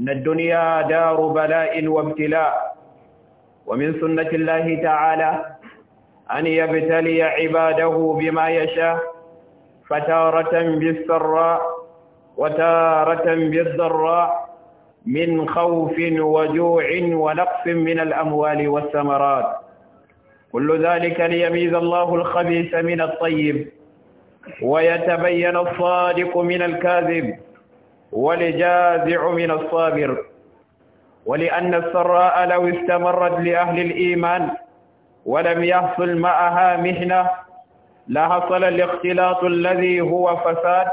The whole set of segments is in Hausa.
إن الدنيا دار بلاء وابتلاء ومن سنة الله تعالى أن يبتلي عباده بما يشاء فتارة بالسراء وتارة بالضراء من خوف وجوع ونقص من الأموال والثمرات كل ذلك ليميز الله الخبيث من الطيب ويتبين الصادق من الكاذب ولجازع من الصابر ولأن السراء لو استمرت لأهل الإيمان ولم يحصل معها مهنة لحصل الاختلاط الذي هو فساد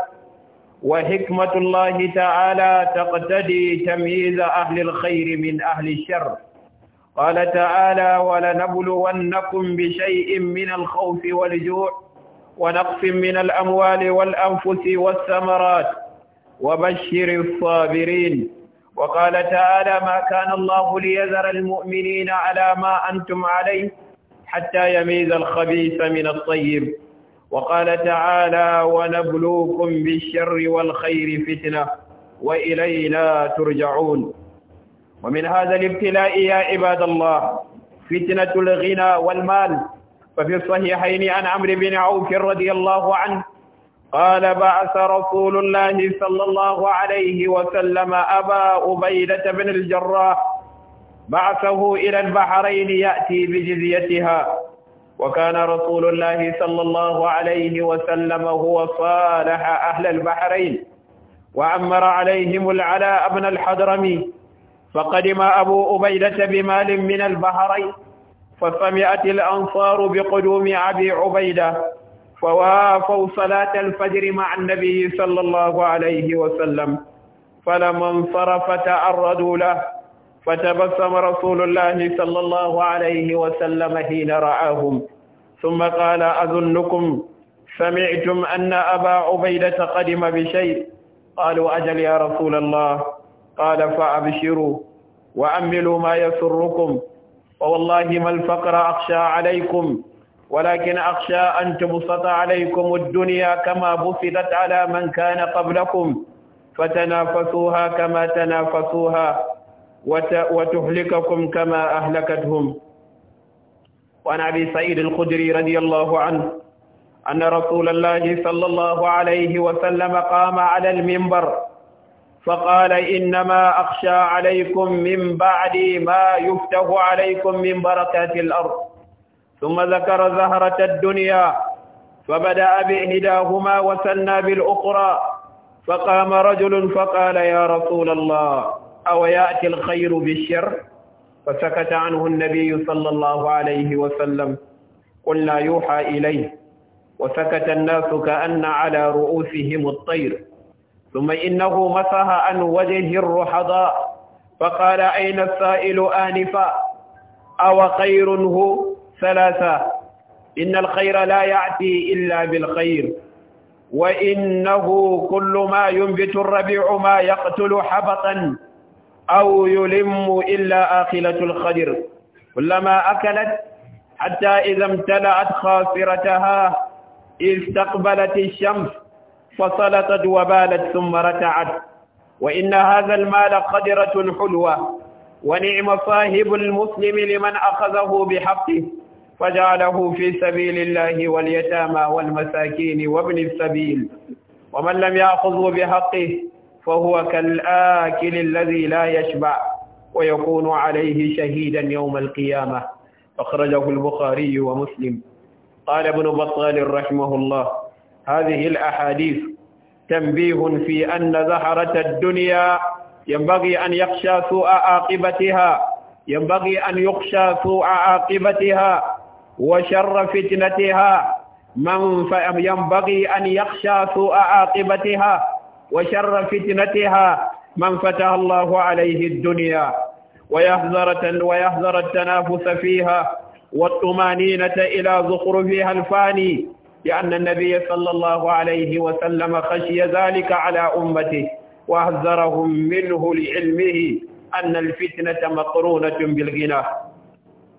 وحكمة الله تعالى تقتدي تمييز أهل الخير من أهل الشر قال تعالى ولنبلونكم بشيء من الخوف والجوع ونقص من الأموال والأنفس والثمرات وبشر الصابرين وقال تعالى ما كان الله ليذر المؤمنين على ما أنتم عليه حتى يميز الخبيث من الطيب وقال تعالى ونبلوكم بالشر والخير فتنة وإلينا ترجعون ومن هذا الابتلاء يا عباد الله فتنة الغنى والمال ففي الصحيحين عن عمرو بن عوف رضي الله عنه قال بعث رسول الله صلى الله عليه وسلم أبا أبيدة بن الجراح بعثه إلى البحرين يأتي بجزيتها وكان رسول الله صلى الله عليه وسلم هو صالح أهل البحرين وعمر عليهم العلاء بن الحضرمي فقدم أبو أبيدة بمال من البحرين فسمعت الأنصار بقدوم أبي عبيدة فوافوا صلاة الفجر مع النبي صلى الله عليه وسلم فلما انصرف تعرضوا له فتبسم رسول الله صلى الله عليه وسلم حين رآهم ثم قال أظنكم سمعتم أن أبا عبيدة قدم بشيء قالوا أجل يا رسول الله قال فأبشروا وأملوا ما يسركم ووالله ما الفقر أخشى عليكم ولكن أخشى أن تبسط عليكم الدنيا كما بسطت على من كان قبلكم فتنافسوها كما تنافسوها وتهلككم كما أهلكتهم وعن أبي سعيد الخدري رضي الله عنه أن رسول الله صلى الله عليه وسلم قام على المنبر فقال إنما أخشى عليكم من بعد ما يفتح عليكم من بركات الأرض ثم ذكر زهرة الدنيا فبدأ بإهداهما وثنى بالأخرى فقام رجل فقال يا رسول الله أو يأتي الخير بالشر فسكت عنه النبي صلى الله عليه وسلم قلنا يوحى إليه وسكت الناس كأن على رؤوسهم الطير ثم إنه مسح عن وجهه الرحضاء فقال أين السائل آنفا أو خير هو ثلاثة إن الخير لا يأتي إلا بالخير وإنه كل ما ينبت الربيع ما يقتل حبطا أو يلم إلا آخلة الخدر كلما أكلت حتى إذا امتلأت خافرتها استقبلت الشمس فسلطت وبالت ثم رتعت وإن هذا المال قدرة حلوة ونعم صاحب المسلم لمن أخذه بحقه فجعله في سبيل الله واليتامى والمساكين وابن السبيل ومن لم يأخذه بحقه فهو كالآكل الذي لا يشبع ويكون عليه شهيدا يوم القيامة أخرجه البخاري ومسلم قال ابن بطال رحمه الله هذه الأحاديث تنبيه في أن زهرة الدنيا ينبغي أن يخشى سوء عاقبتها ينبغي أن يخشى سوء عاقبتها وشر فتنتها من ينبغي أن يخشى سوء عاقبتها وشر فتنتها من فتح الله عليه الدنيا ويحذر, ويحذر التنافس فيها والطمانينة إلى زخرفها الفاني لأن النبي صلى الله عليه وسلم خشي ذلك على أمته وأحذرهم منه لعلمه أن الفتنة مقرونة بالغنى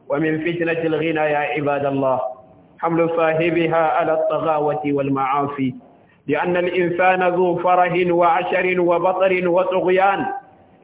ومن فتنة الغنى يا عباد الله حمل صاحبها على الطغاوة والمعاصي لأن الإنسان ذو فره وعشر وبطر وطغيان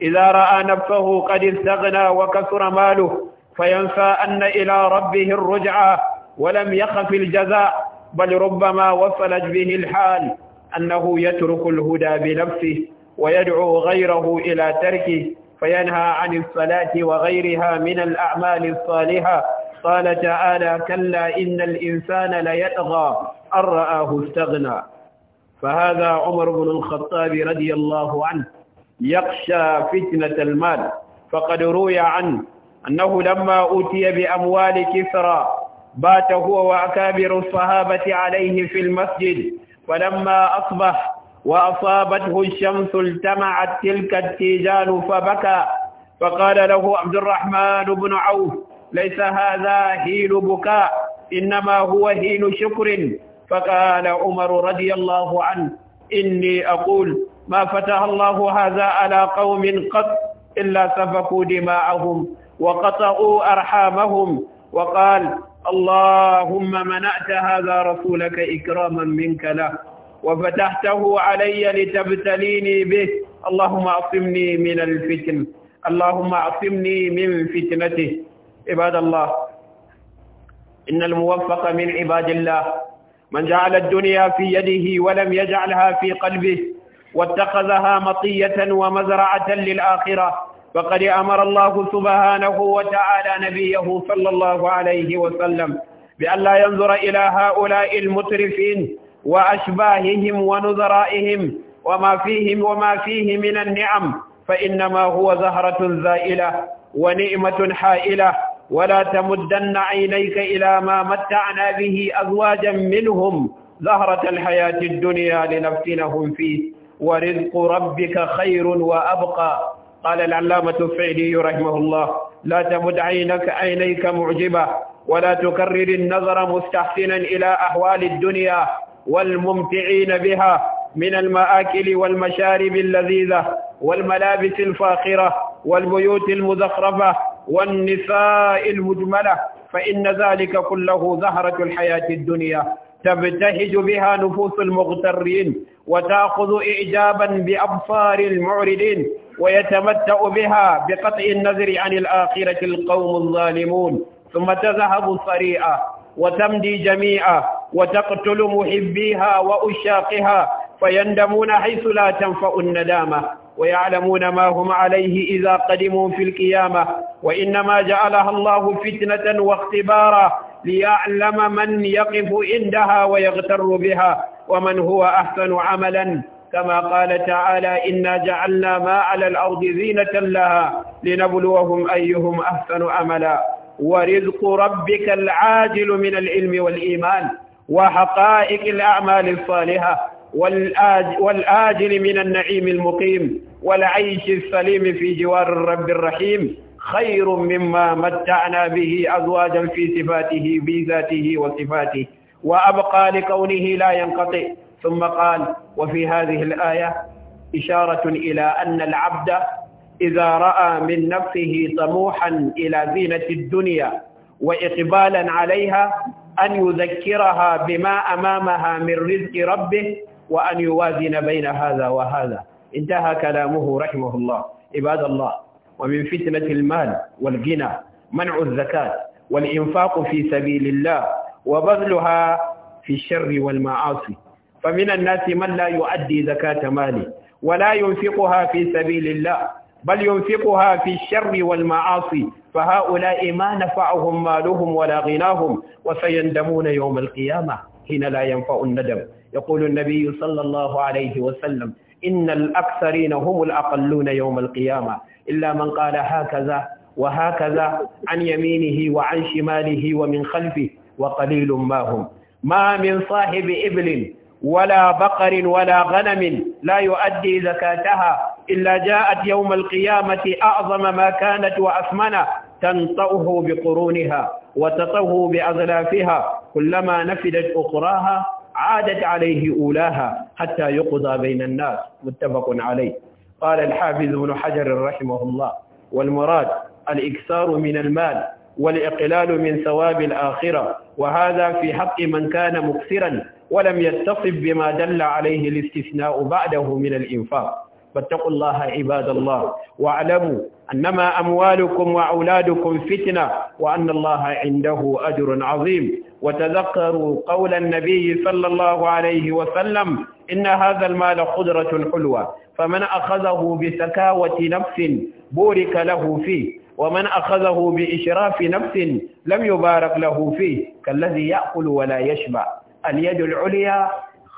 إذا رأى نفسه قد استغنى وكثر ماله فينسى أن إلى ربه الرجعى ولم يخف الجزاء بل ربما وصلت به الحال أنه يترك الهدى بنفسه ويدعو غيره إلى تركه فينهى عن الصلاة وغيرها من الأعمال الصالحة قال تعالى كلا إن الإنسان ليطغى أن رآه استغنى فهذا عمر بن الخطاب رضي الله عنه يخشى فتنة المال فقد روي عنه أنه لما أوتي بأموال كسرى بات هو وأكابر الصحابة عليه في المسجد فلما أصبح وأصابته الشمس التمعت تلك التيجان فبكى فقال له عبد الرحمن بن عوف ليس هذا هيل بكاء إنما هو هيل شكر فقال عمر رضي الله عنه إني أقول ما فتح الله هذا على قوم قط إلا سفكوا دماءهم وقطعوا أرحامهم وقال اللهم منعت هذا رسولك إكراما منك له وفتحته علي لتبتليني به اللهم اعصمني من الفتن اللهم اعصمني من فتنته عباد الله إن الموفق من عباد الله من جعل الدنيا في يده ولم يجعلها في قلبه واتخذها مطية ومزرعة للآخرة فقد أمر الله سبحانه وتعالى نبيه صلى الله عليه وسلم بأن لا ينظر إلى هؤلاء المترفين وأشباههم ونذرائهم وما فيهم وما فيه من النعم فإنما هو زهرة زائلة ونعمة حائلة ولا تمدن عينيك إلى ما متعنا به أزواجا منهم زهرة الحياة الدنيا لنفتنهم فيه ورزق ربك خير وأبقى قال العلامة الفعلي رحمه الله لا تمد عينك عينيك معجبة ولا تكرر النظر مستحسنا إلى أحوال الدنيا والممتعين بها من المآكل والمشارب اللذيذة والملابس الفاخرة والبيوت المزخرفة والنساء المجملة فإن ذلك كله زهرة الحياة الدنيا تبتهج بها نفوس المغترين وتأخذ إعجابا بأبصار المعرضين ويتمتع بها بقطع النظر عن الآخرة القوم الظالمون ثم تذهب سريعا وتمدي جميعا وتقتل محبيها وأشاقها فيندمون حيث لا تنفع الندامة ويعلمون ما هم عليه إذا قدموا في القيامة وإنما جعلها الله فتنة واختبارا ليعلم من يقف عندها ويغتر بها ومن هو أحسن عملا كما قال تعالى إنا جعلنا ما على الأرض زينة لها لنبلوهم أيهم أحسن عملا ورزق ربك العاجل من العلم والإيمان وحقائق الأعمال الصالحة والآجل من النعيم المقيم والعيش السليم في جوار الرب الرحيم خير مما متعنا به أزواجا في صفاته بذاته وصفاته وأبقى لكونه لا ينقطع ثم قال وفي هذه الآية إشارة إلى أن العبد إذا رأى من نفسه طموحا إلى زينة الدنيا وإقبالا عليها أن يذكرها بما أمامها من رزق ربه وأن يوازن بين هذا وهذا انتهى كلامه رحمه الله عباد الله ومن فتنة المال والغنى منع الزكاة والإنفاق في سبيل الله وبذلها في الشر والمعاصي فمن الناس من لا يؤدي زكاة ماله ولا ينفقها في سبيل الله بل ينفقها في الشر والمعاصي فهؤلاء ما نفعهم مالهم ولا غناهم وسيندمون يوم القيامة حين لا ينفع الندم يقول النبي صلى الله عليه وسلم إن الأكثرين هم الأقلون يوم القيامة إلا من قال هكذا وهكذا عن يمينه وعن شماله ومن خلفه وقليل ما هم ما من صاحب إبل ولا بقر ولا غنم لا يؤدي زكاتها إلا جاءت يوم القيامة أعظم ما كانت وأثمن تنطأه بقرونها وتطوه بأغلافها كلما نفدت أخراها عادت عليه أولاها حتى يقضى بين الناس متفق عليه قال الحافظ بن حجر رحمه الله والمراد الإكثار من المال والإقلال من ثواب الآخرة وهذا في حق من كان مكثرا ولم يتصف بما دل عليه الاستثناء بعده من الإنفاق فاتقوا الله عباد الله واعلموا أنما أموالكم وأولادكم فتنة وأن الله عنده أجر عظيم وتذكروا قول النبي صلى الله عليه وسلم إن هذا المال قدرة حلوة فمن أخذه بسكاوة نفس بورك له فيه ومن أخذه بإشراف نفس لم يبارك له فيه كالذي يأكل ولا يشبع اليد العليا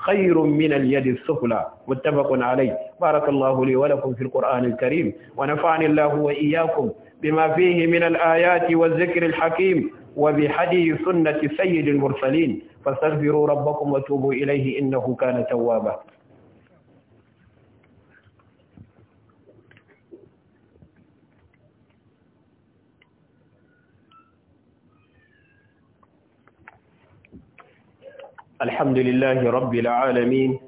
خير من اليد السفلى متفق عليه بارك الله لي ولكم في القرآن الكريم ونفعني الله وإياكم بما فيه من الآيات والذكر الحكيم وبحدي سنة سيد المرسلين فاستغفروا ربكم وتوبوا إليه إنه كان توابا الحمد لله رب العالمين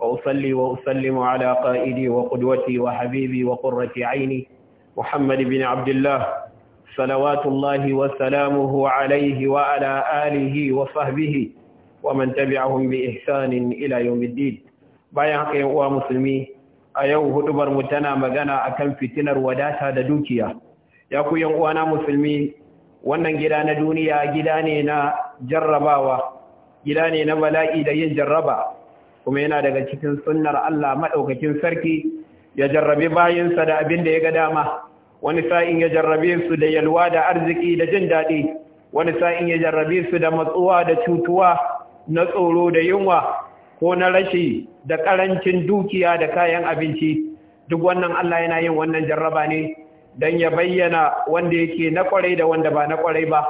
وأصلي وأسلم على قائدي وقدوتي وحبيبي وقرة عيني محمد بن عبد الله صلوات الله وسلامه عليه وعلى آله وصحبه ومن تبعهم بإحسان إلى يوم الدين bayan haka yan uwa musulmi a yau hudubar mu tana magana akan fitinar wadata da dukiya ya ku yan uwa na musulmi wannan gida na duniya gida ne na jarrabawa gida ne na bala'i da yin jarraba kuma yana daga cikin sunnar Allah maɗaukakin sarki ya jarrabe bayansa da abin da ya ga dama wani sa'in ya jarrabe su da yalwa da arziki da jin daɗi wani sa'in ya jarrabe su da matsuwa da cutuwa na tsoro da yunwa ko na rashi da ƙarancin dukiya da kayan abinci duk wannan Allah yana yin wannan jarraba ne don ya bayyana wanda yake na kwarai da wanda ba na kwarai ba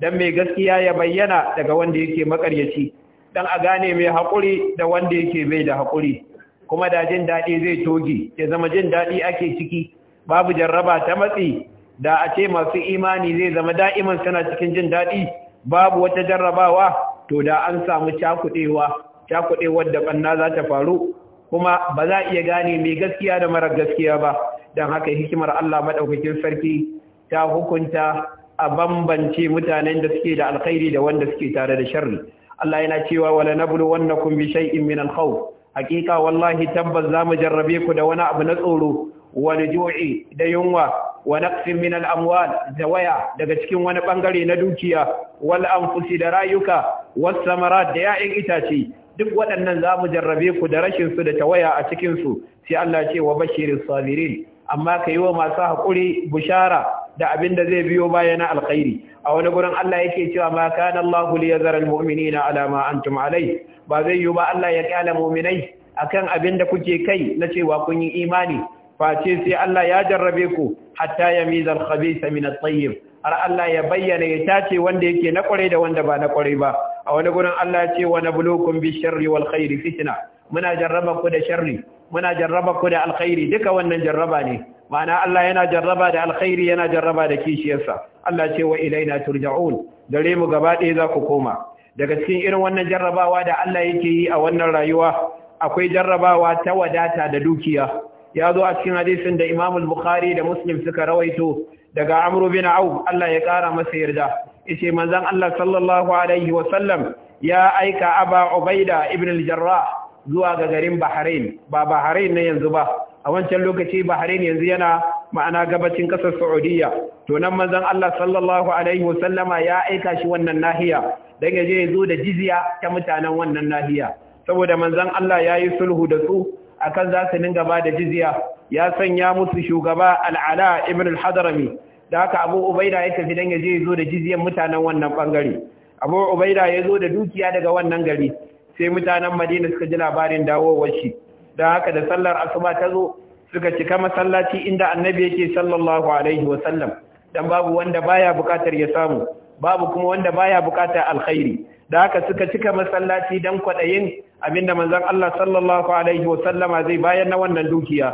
dan mai gaskiya ya bayyana daga wanda yake makaryaci dan a gane mai haƙuri da wanda yake bai da haƙuri kuma da jin daɗi zai toge ya zama jin daɗi ake ciki babu jarraba ta matsi da a ce masu imani zai zama da'iman suna cikin jin daɗi babu wata jarrabawa to da an samu cakuɗewa cakuɗewar da ɓanna za ta faru kuma ba za a iya gane mai gaskiya da marar gaskiya ba don haka hikimar Allah maɗaukakin sarki ta hukunta a bambance mutanen da suke da alkhairi da wanda suke tare da sharri Allah yana cewa wala nablu wannakum bi shay'in min al-khawf haqiqa wallahi tabbas zamu jarrabe ku da wani abu na tsoro wa ju'i da yunwa wa naqsin min al-amwal da waya daga cikin wani bangare na dukiya wal anfusi da rayuka was samarat da ya'in itace duk waɗannan zamu jarrabe ku da rashin su da tawaya a cikin su sai Allah ce wa bashirin sabirin amma kai wa masu hakuri bushara da abin da zai biyo baya na alkhairi a wani gurin Allah yake cewa ma kana Allahu li yazara almu'minina ala ma antum alai ba zai yi ba Allah ya kyale mu'minai akan abin da kuke kai na cewa kun yi imani face sai Allah ya jarrabe ku hatta yamiza alkhabitha min at-tayyib har Allah ya bayyana ya tace wanda yake na kware da wanda ba na kware ba a wani gurin Allah ce wa nabluukum bish-sharri wal khairi fitna muna jarraba ku da sharri muna jarraba ku da alkhairi duka wannan jarraba ne ma'ana Allah yana jarraba da alkhairi yana jarraba da kishiyarsa Allah ce wa ilaina turja'un dare mu gaba ɗaya za ku koma daga cikin irin wannan jarrabawa da Allah yake yi a wannan rayuwa akwai jarrabawa ta wadata da dukiya ya zo a cikin hadisin da Imam bukhari da Muslim suka rawaito daga Amr bin Auf Allah ya kara masa yarda yace manzon Allah sallallahu alaihi wa sallam ya aika Aba Ubaida ibn al-Jarrah zuwa ga garin Bahrain ba Bahrain ne yanzu ba a wancan lokaci Bahrain yanzu yana ma'ana gabacin ƙasar Saudiya to nan manzon Allah sallallahu alaihi wasallama ya aika shi wannan nahiya dan yaje ya zo da jizya ta mutanen wannan nahiya saboda manzon Allah yayi sulhu da su akan za su dinga ba da jizya ya sanya musu shugaba Al-Ala ibn al-Hadrami da haka Abu Ubaida ya tafi dan yaje ya zo da jizyan mutanen wannan bangare Abu Ubaida ya zo da dukiya daga wannan gari sai mutanen Madina suka ji labarin dawowar shi da haka da sallar asuba ta zo suka cika masallaci inda annabi yake sallallahu alaihi sallam. dan babu wanda baya bukatar ya samu babu kuma wanda baya bukatar alkhairi da haka suka cika masallaci dan kwadayin abinda manzon Allah sallallahu alaihi wasallama zai bayar na wannan dukiya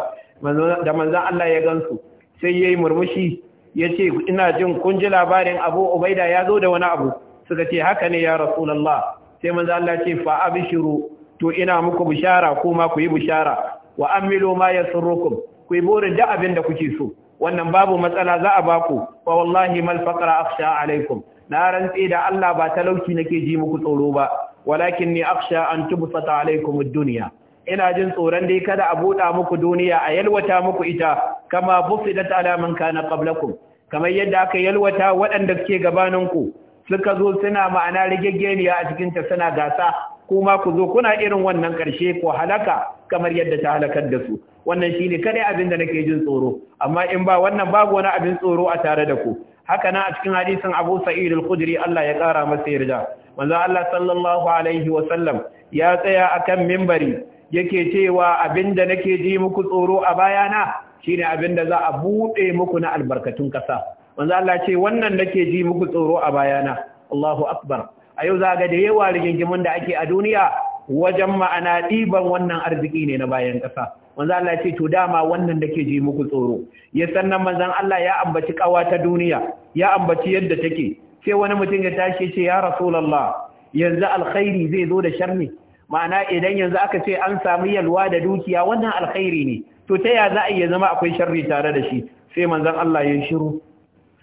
da manzon Allah ya gansu sai yayi murmushi yace ina jin kun ji labarin Abu Ubaida ya zo da wani abu suka ce haka ne ya Rasulullah sai manzon Allah ya ce fa abshiru to ina muku bishara koma ku yi bishara wa amilu ma yasurrukum ku yi burin da abin da kuke so wannan babu matsala za a baku wa wallahi mal faqra akhsha alaikum na rantsi da Allah ba talauci nake ji muku tsoro ba walakin ni akhsha an tubsata alaikum ad-dunya ina jin tsoron dai kada a buɗa muku duniya a yalwata muku ita kama busidat ala man kana qablakum kamar yadda aka yalwata waɗanda suke gabaninku suka zo suna ma'ana rigaggeniya a cikin ta suna gasa kuma ku zo kuna irin wannan ƙarshe ko halaka kamar yadda ta halakar da su wannan shine kadai abin da nake jin tsoro amma in ba wannan babu wani abin tsoro a tare da ku haka na a cikin hadisin Abu Sa'id al-Khudri Allah ya kara masa yarda manzo Allah sallallahu alaihi wa sallam ya tsaya akan minbari yake cewa abin da nake ji muku tsoro a bayana shine abin da za a bude muku na albarkatun kasa manzo Allah ce wannan nake ji muku tsoro a bayana Allahu akbar a yau za ga da yawa rigingimin da ake a duniya wajen ma'ana ɗiban wannan arziki ne na bayan ƙasa Wanzu Allah ce to dama wannan da ke ji muku tsoro ya sannan manzan Allah ya ambaci ƙawa ta duniya ya ambaci yadda take sai wani mutum ya tashi ce ya Rasulallah yanzu alkhairi zai zo da sharri ma'ana idan yanzu aka ce an samu yalwa da dukiya wannan alkhairi ne to ta ya za a iya zama akwai sharri tare da shi sai manzan Allah ya shiru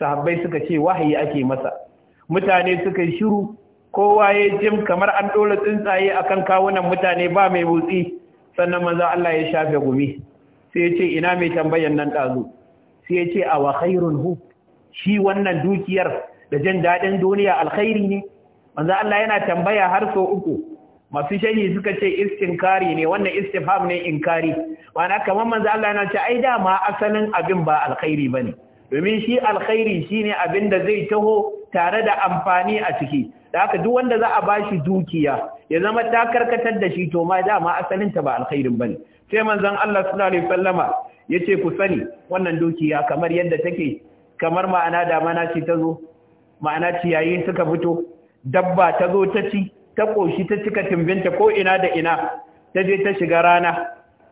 sahabbai suka ce wahayi ake masa mutane suka yi shiru kowa ya jim kamar an dole tsuntsaye akan kawunan mutane ba mai motsi sannan manzo Allah ya shafe gumi sai ya ce ina mai tambayan nan dazu sai ya ce wa khairun hu shi wannan dukiyar da jan daɗin duniya alkhairi ne manzo Allah yana tambaya har so uku masu shayi suka ce istinkari ne wannan istifham ne inkari ma'ana kamar manzo Allah yana ce ai dama asalin abin ba alkhairi bane domin shi alkhairi shine abin da zai taho tare da amfani a ciki da haka duk wanda za a ba shi dukiya ya zama ta karkatar da shi to ma dama asalin ta ba alkhairin ne. sai manzon Allah sallallahu alaihi wasallama yace ku sani wannan dukiya kamar yadda take kamar ma'ana da mana ce tazo ma'ana ciyayi suka fito dabba ta zo ta ci ta koshi ta cika timbinta ko ina da ina ta je ta shiga rana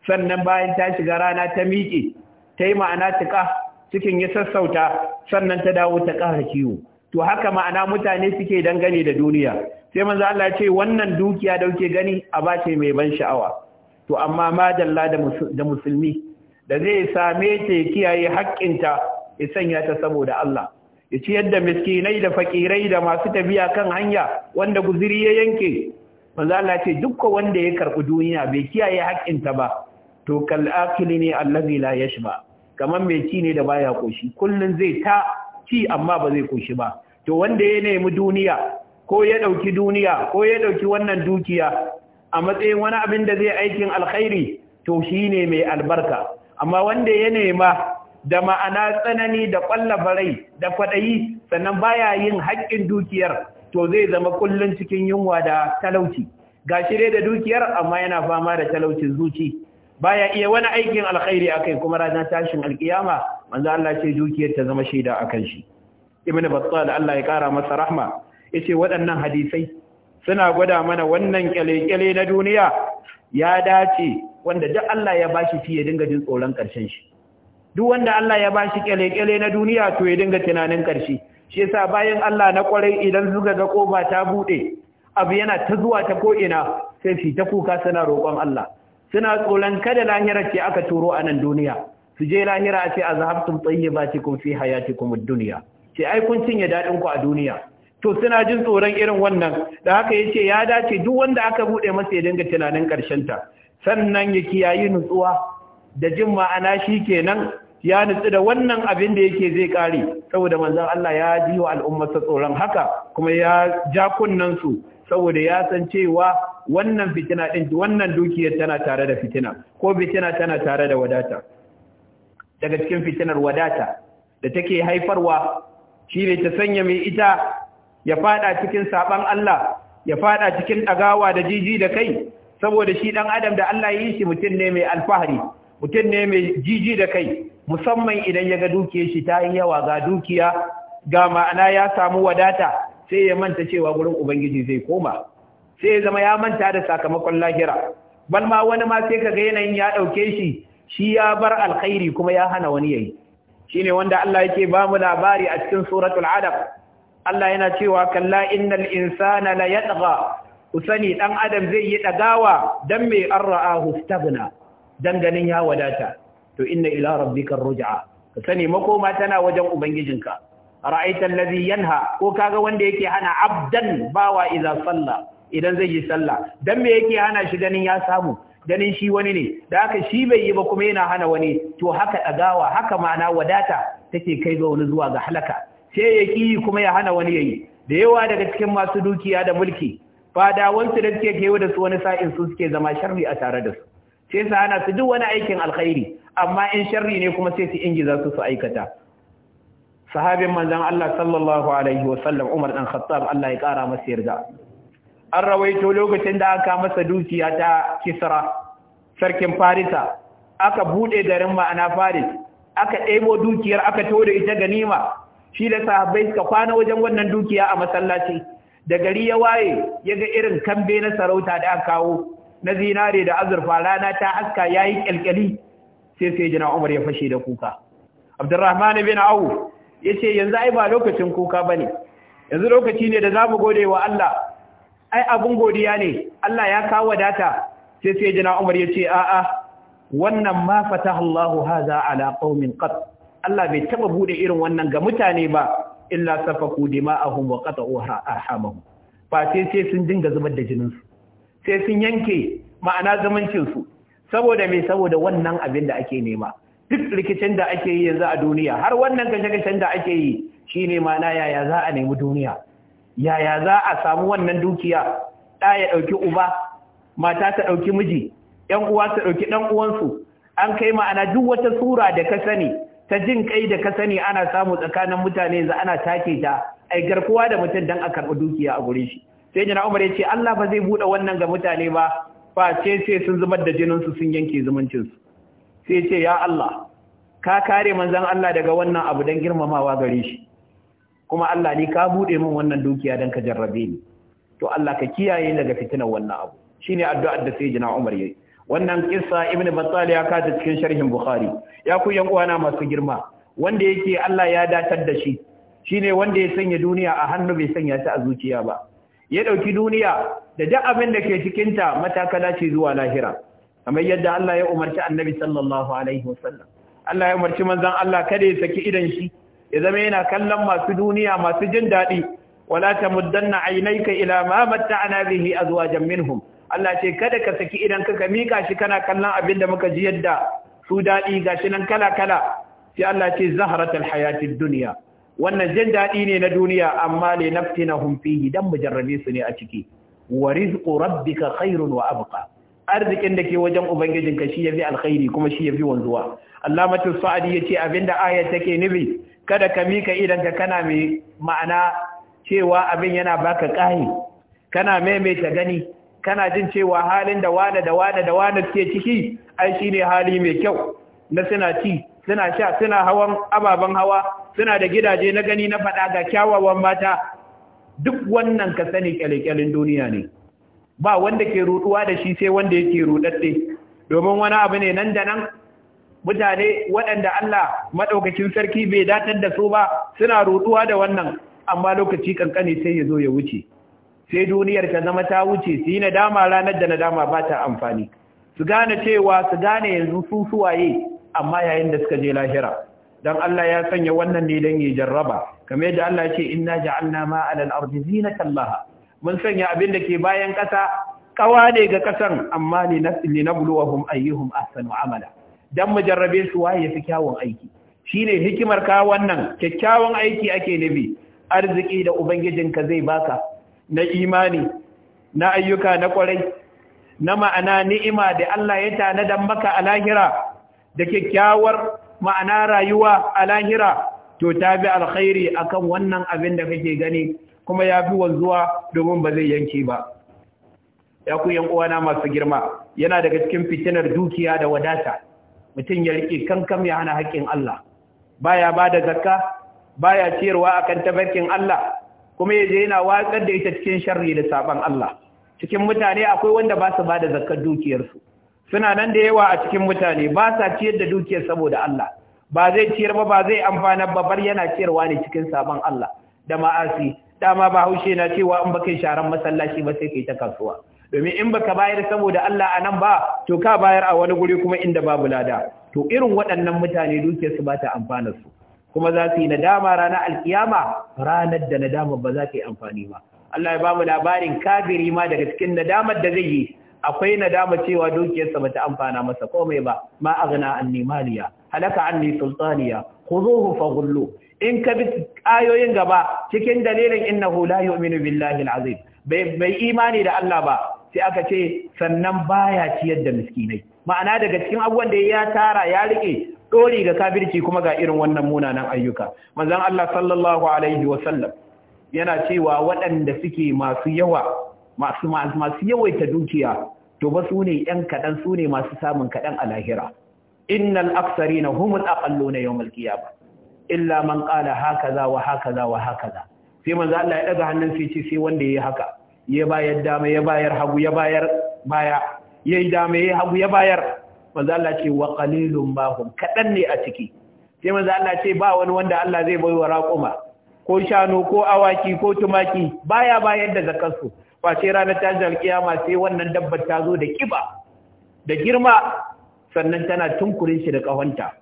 sannan bayan ta shiga rana ta miƙe ta yi ma'ana tuƙa, cikin ya sassauta sannan ta dawo ta ƙara kiwo to haka ma'ana mutane suke dangane da duniya sai manzo Allah ya ce wannan dukiya dauke gani a bace mai ban sha'awa to amma madalla da musulmi da zai same ta ya kiyaye ta ya sanya ta saboda Allah ya ci yadda miskinai da fakirai da masu tafiya kan hanya wanda guziri ya yanke manzo Allah ce dukkan wanda ya karbi duniya bai kiyaye ta ba to kal akili ne allazi la yashba kaman mai ci ne da baya koshi kullun zai ta ci amma ba zai kushi ba to wanda ya nemi duniya ko ya ɗauki duniya ko ya ɗauki wannan dukiya a matsayin wani abin da zai aikin alkhairi to shi ne mai albarka amma wanda ya nema da ma'ana tsanani da kwalla rai da kwaɗayi sannan baya yin haƙƙin dukiyar to zai zama kullum cikin yunwa da talauci gashi dai da dukiyar amma yana fama da talaucin zuci baya iya wani aikin alkhairi akai kuma ranar tashin alkiyama manzo Allah ce dukiyar ta zama shaida akan shi ibnu battal Allah ya kara masa rahma yace waɗannan hadisai suna gwada mana wannan kyalekyale na duniya ya dace wanda duk Allah ya bashi shi ya dinga jin tsoron karshen shi duk wanda Allah ya bashi kyale-kyale na duniya to ya dinga tunanin karshe shi yasa bayan Allah na kwarai idan suka ga koba ta bude abu yana ta zuwa ta ko ina sai shi ta kuka suna roƙon Allah suna tsoron kada lahira ce aka turo a nan duniya su je lahira a ce a ce kun fi ce kuma duniya ce ai kun cinye daɗin ku a duniya to suna jin tsoron irin wannan da haka ya ce ya dace duk wanda aka buɗe masa ya dinga tunanin ƙarshen ta sannan ya kiyayi nutsuwa da jin ma'ana shi kenan ya nutsu da wannan abin da yake zai kare saboda manzon Allah ya ji wa al'ummarsa tsoron haka kuma ya ja kunnan su saboda ya san cewa wannan fitina din wannan dukiyar tana tare da fitina ko fitina tana tare da wadata daga cikin fitinar wadata da take haifarwa shine ta sanya mai ita ya fada cikin saban Allah ya fada cikin dagawa da jiji da kai saboda shi dan adam da Allah ya yi shi mutum ne mai alfahari mutum ne mai jiji da kai musamman idan ya ga dukiyar shi ta yi yawa ga dukiya ga ma'ana ya samu wadata sai ya manta cewa gurin ubangiji zai koma sai ya zama ya manta da sakamakon lahira bal ma wani ma sai kaga yanayin ya ɗauke shi shi ya bar alkhairi kuma ya hana wani yayi shine wanda Allah yake ba mu labari a cikin suratul adab Allah yana cewa kalla innal insana la yatgha usani dan adam zai yi dagawa dan me arraahu istaghna dan ganin ya wadata to inna ila rabbika ruj'a ka sani makoma tana wajen ubangijinka ra'aita allazi yanha ko kaga wanda yake hana abdan bawa idza salla idan zai yi sallah dan me yake hana shi ganin ya samu ganin shi wani ne da haka shi bai yi ba kuma yana hana wani to haka dagawa haka ma'ana wadata take kai ga wani zuwa ga halaka sai ya ki kuma ya hana wani yayi da yawa daga cikin masu dukiya da mulki fadawansu da suke kewa da su wani sa'in su suke zama sharri a tare da su sai su hana su duk wani aikin alkhairi amma in sharri ne kuma sai su ingiza su su aikata sahabin manzan Allah sallallahu alaihi wasallam Umar dan Khattab Allah ya kara masa yarda an rawaito lokacin da aka masa dukiya ta Kisra sarkin Farisa aka buɗe garin ma'ana Faris aka ɗebo dukiyar aka da ita ganima shi da sahabbai suka kwana wajen wannan dukiya a masallaci da gari ya waye ya ga irin kambe na sarauta da aka kawo na zinare da azurfa rana ta haska yayi kyalkyali sai sai jina Umar ya fashe da kuka Abdurrahman bin Auf ya ce yanzu ai ba lokacin kuka ba ne yanzu lokaci ne da za mu gode wa Allah ai abin godiya ne Allah ya kawo wadata sai sai jina Umar ya ce a'a wannan ma fataha haza ala qaumin qat Allah bai taba buɗe irin wannan ga mutane ba illa safaku dima'ahum wa qata'u arhamahum fa sai sai sun dinga zubar da jinin su sai sun yanke ma'ana zamancin su saboda me saboda wannan abin da ake nema duk rikicin da ake yi yanzu a duniya har wannan kashe-kashen da ake yi shine mana yaya za a nemi duniya yaya za a samu wannan dukiya ɗa ya ɗauki uba mata ta ɗauki miji ‘yan uwa ta ɗauki ɗan uwansu an kai ma'ana duk wata sura da ka sani ta jin kai da ka sani ana samu tsakanin mutane yanzu ana take ta ai garkuwa da mutum don a karɓi dukiya a gurin shi sai jina umar ya ce Allah ba zai buɗe wannan ga mutane ba face sai sun zubar da jininsu sun yanke zumuncinsu sai ce ya Allah ka kare manzan Allah daga wannan abu don girmamawa gare shi kuma Allah ne ka buɗe min wannan dukiya don ka jarrabe ni to Allah ka kiyaye daga fitinar wannan abu shine addu'ar da sai jina Umar yayi wannan kissa Ibn Battal ya kata cikin sharhin Bukhari ya ku yan uwana masu girma wanda yake Allah ya datar da shi shine wanda ya sanya duniya a hannu bai sanya ta a zuciya ba ya ɗauki duniya da duk abin da ke cikin ta matakala ce zuwa lahira kamar yadda Allah ya umarci annabi sallallahu alaihi wasallam Allah ya umarci manzan, Allah kada ya saki idan shi ya zama yana kallon masu duniya masu jin daɗi wala tamuddanna ainaika ila ma matta'na bihi azwajan minhum Allah ce kada ka saki idan ka mika shi kana kallon abin da muka ji yadda su daɗi gashi nan kala kala sai Allah ce zaharatul hayatid dunya wannan jin daɗi ne na duniya amma li naftinahum fihi dan mujarrabe su ne a ciki wa rizqu rabbika khairun wa abqa arzikin da ke wajen ubangijinka shi ya fi alkhairi kuma shi ya fi wanzuwa Allah allamatu sa'adi ya ce abin da ayar take nufi kada ka mika idan ka kana mai ma'ana cewa abin yana baka kai kana maimaita gani kana jin cewa halin da wane da wane da wane ke ciki ai shine hali mai kyau na suna ci suna sha suna hawan ababen hawa suna da gidaje na gani na faɗa ga kyawawan mata duk wannan ka sani kyale ƙyalen duniya ne ba wanda ke rutuwa da shi sai wanda yake rudadde domin wani abu ne nan da nan mutane waɗanda Allah madaukakin sarki bai datar da su ba suna rutuwa da wannan amma lokaci kankane sai ya zo ya wuce sai duniyar ta zama ta wuce su yi nadama ranar da nadama ba ta amfani su gane cewa su gane yanzu su suwaye amma yayin da suka je lahira dan Allah ya sanya wannan ne dan ya jarraba kamar yadda Allah ya ce inna ja'alna ma al-ardi zinatan laha mun sanya abin da ke bayan ƙasa Ƙawa ne ga ƙasan amma na nabluwahum ayyuhum ahsanu amala dan mu jarrabe su waye fi kyawun aiki Shi ne hikimar ka wannan kyakkyawan aiki ake nufi arziki da ubangijin ka zai baka na imani na ayyuka na kwarai na ma'ana ni'ima da Allah ya tana tanadan maka a lahira da kyakkyawar ma'ana rayuwa a lahira to ta bi alkhairi akan wannan abin da kake gani kuma ya fi wanzuwa domin ba zai yanke ba ya ku yan uwana masu girma yana daga cikin fitinar dukiya da wadata mutum ya rike kankam ya hana haƙƙin Allah baya ba da zakka baya ciyarwa akan tabarkin Allah kuma yaje yana watsar da ita cikin sharri da saban Allah cikin mutane akwai wanda ba su ba da zakkar dukiyarsu suna nan da yawa a cikin mutane ba sa ciyar da dukiyar saboda Allah ba zai ciyar ba ba zai amfana ba bar yana ciyarwa ne cikin sabon Allah da ma'asi dama ba haushe na cewa in baka sharan masallaci ba sai kai ta kasuwa domin in baka bayar saboda Allah a nan ba to ka bayar a wani guri kuma inda babu lada to irin waɗannan mutane dukiyarsu su ba ta amfana su kuma za su yi nadama ranar alkiyama ranar da nadama ba za ta yi amfani ba Allah ya ba mu labarin kafiri ma daga cikin nadamar da zai yi akwai nadama cewa dukiyarsa ba ta amfana masa komai ba ma aghna anni maliya halaka anni sultaniya khuduhu faghullu in ka bi ayoyin gaba cikin dalilin innahu la yu'minu billahi alazim bai imani da Allah ba sai aka ce sannan baya ciyar da miskinai ma'ana daga cikin abubuwan da ya tara ya rike dori ga kafirci kuma ga irin wannan munanan ayyuka manzon Allah sallallahu alaihi wa sallam yana cewa waɗanda suke masu yawa masu masu yawaita dukiya to ba su ne ƴan kaɗan su ne masu samun kaɗan a lahira innal aksarina humul aqalluna yawmal qiyamah illa man qala hakaza wa hakaza wa hakaza sai manzo Allah ya daga hannun sai ce sai wanda yayi haka ya bayar dama ya bayar hagu ya bayar baya yayi dama yayi hagu ya bayar manzo Allah ce wa qalilun bahum kadan ne a ciki sai manzo Allah ce ba wani wanda Allah zai baiwa raquma ko shanu ko awaki ko tumaki baya bayar da zakarsu face ranar tajal kiyama sai wannan dabbar ta zo da kiba da girma sannan tana tunkurin shi da kahonta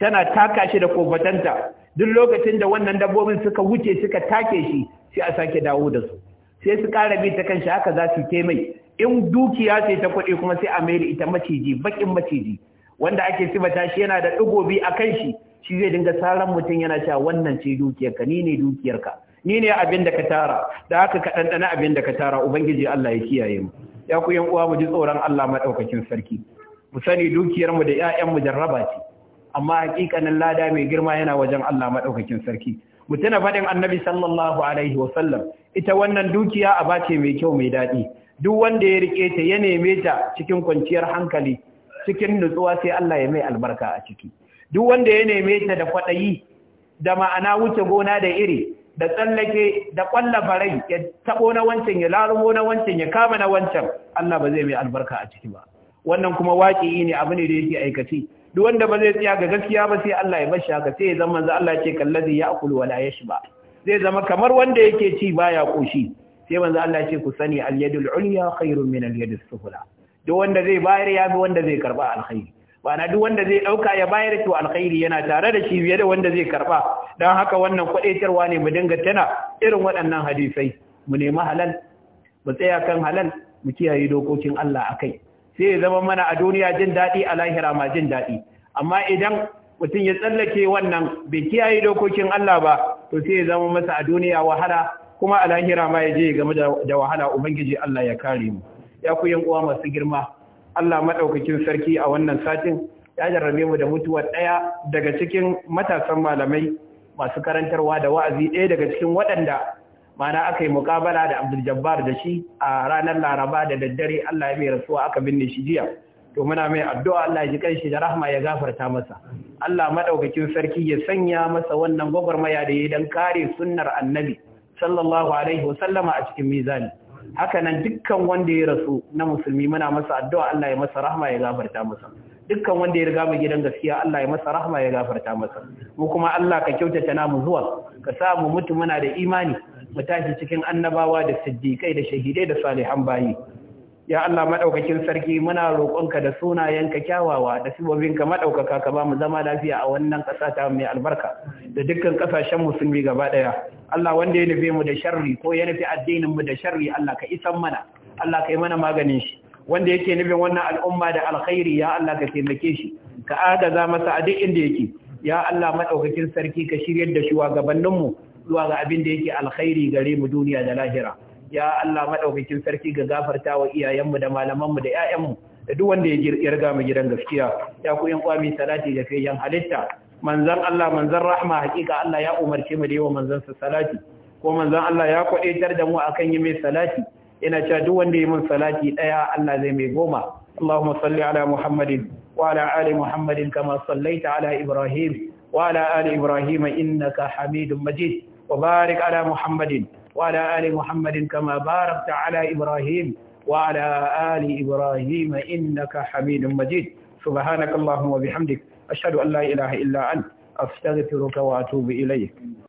tana taka shi da kofatanta duk lokacin da wannan dabbobin suka wuce suka take shi sai a sake dawo da su sai su ƙara bi ta kanshi haka za su ke mai in dukiya sai ta kuɗi kuma sai a mai ita maciji bakin maciji wanda ake sibata shi yana da ɗigobi a kan shi shi zai dinga saran mutum yana cewa wannan ce dukiyarka ni ne dukiyarka ni ne abin da ka tara da haka ka ɗanɗana abin da ka tara ubangiji Allah ya kiyaye mu ya ku yan uwa mu ji tsoron Allah maɗaukakin sarki mu sani dukiyarmu da 'ya'yanmu jarraba ce amma hakikanin lada mai girma yana wajen Allah maɗaukakin sarki mutuna faɗin annabi sallallahu alaihi wasallam ita wannan dukiya a bace mai kyau mai daɗi. duk wanda ya rike ta ya neme ta cikin kwanciyar hankali cikin nutsuwa sai Allah ya mai albarka a ciki duk wanda ya neme ta da kwaɗayi da ma'ana wuce gona da iri da tsallake da ƙwalla farai ya taɓo na wancan ya larumo na wancan ya kama na wancan Allah ba zai mai albarka a ciki ba wannan kuma waƙi ne abu ne da yake aikace duk wanda ba zai tsaya ga gaskiya ba sai Allah ya bashi haka sai ya zama manzo Allah ce kallazi ya'kul wala yashba zai zama kamar wanda yake ci baya koshi sai manzo Allah ce ku sani al-yadul ulya khairun min al-yadis sufla duk wanda zai bayar ya fi wanda zai karba alkhairi na duk wanda zai dauka ya bayar to alkhairi yana tare da shi biye da wanda zai karba dan haka wannan kwadaitarwa ne mu dinga tana irin waɗannan hadisai mu nemi halal mu tsaya kan halal mu kiyaye dokokin Allah akai sai ya zama mana a duniya jin daɗi a lahira ma jin daɗi amma idan mutum ya tsallake wannan bai kiyaye dokokin Allah ba to sai ya zama masa a duniya wahala kuma a lahira ma ya je game da wahala ubangiji Allah ya kare mu ya ku yan uwa masu girma Allah maɗaukakin sarki a wannan satin ya jarrabe mu da mutuwar ɗaya daga cikin matasan malamai masu karantarwa da wa'azi ɗaya daga cikin waɗanda mana aka yi mukabala da Abdul Jabbar da shi a ranar Laraba da daddare Allah ya mai rasuwa aka binne shi jiya to muna mai addu'a Allah ya ji kanshi da rahama ya gafarta masa Allah madaukakin sarki ya sanya masa wannan gwagwarmaya da ya dan kare sunnar Annabi sallallahu alaihi sallama a cikin mizani haka nan dukkan wanda ya rasu na musulmi muna masa addu'a Allah ya masa rahma ya gafarta masa dukkan wanda ya riga mu gidan gaskiya Allah ya masa rahma ya gafarta masa mu kuma Allah ka kyautata namu zuwa ka sa mu mutu muna da imani mu tashi cikin annabawa da siddiƙai da shahidai da salihan bayi ya Allah madaukakin sarki muna roƙonka da sunayenka kyawawa da sibobinka madaukaka ka ba mu zama lafiya a wannan ƙasa ta mai albarka da dukkan ƙasashen musulmi gaba ɗaya Allah wanda ya nufe mu da sharri ko ya nufi addinin mu da sharri Allah ka isan mana Allah ka yi mana maganin shi wanda yake nufin wannan al'umma da alkhairi ya Allah ka taimake shi ka agaza masa a duk inda yake ya Allah madaukakin sarki ka shiryar da shi wa gabaninmu zuwa ga abin da yake alkhairi gare mu duniya da lahira ya Allah madaukakin sarki ga gafarta wa iyayenmu da malamanmu da mu da duk wanda ya riga mu gidan gaskiya ya ku yan kwami salati da fiyan halitta manzon Allah manzon rahma hakika Allah ya umarce mu da yawa manzon sa salati ko manzon Allah ya kwadaitar da mu akan yi mai salati ina cewa duk wanda ya mun salati daya Allah zai mai goma Allahumma salli ala Muhammadin wa ala ali Muhammadin kama sallaita ala Ibrahim wa ala ali Ibrahim innaka Hamidum Majid وبارك على محمد وعلى آل محمد كما باركت على إبراهيم وعلى آل إبراهيم إنك حميد مجيد سبحانك اللهم وبحمدك أشهد أن لا إله إلا أنت أستغفرك وأتوب إليك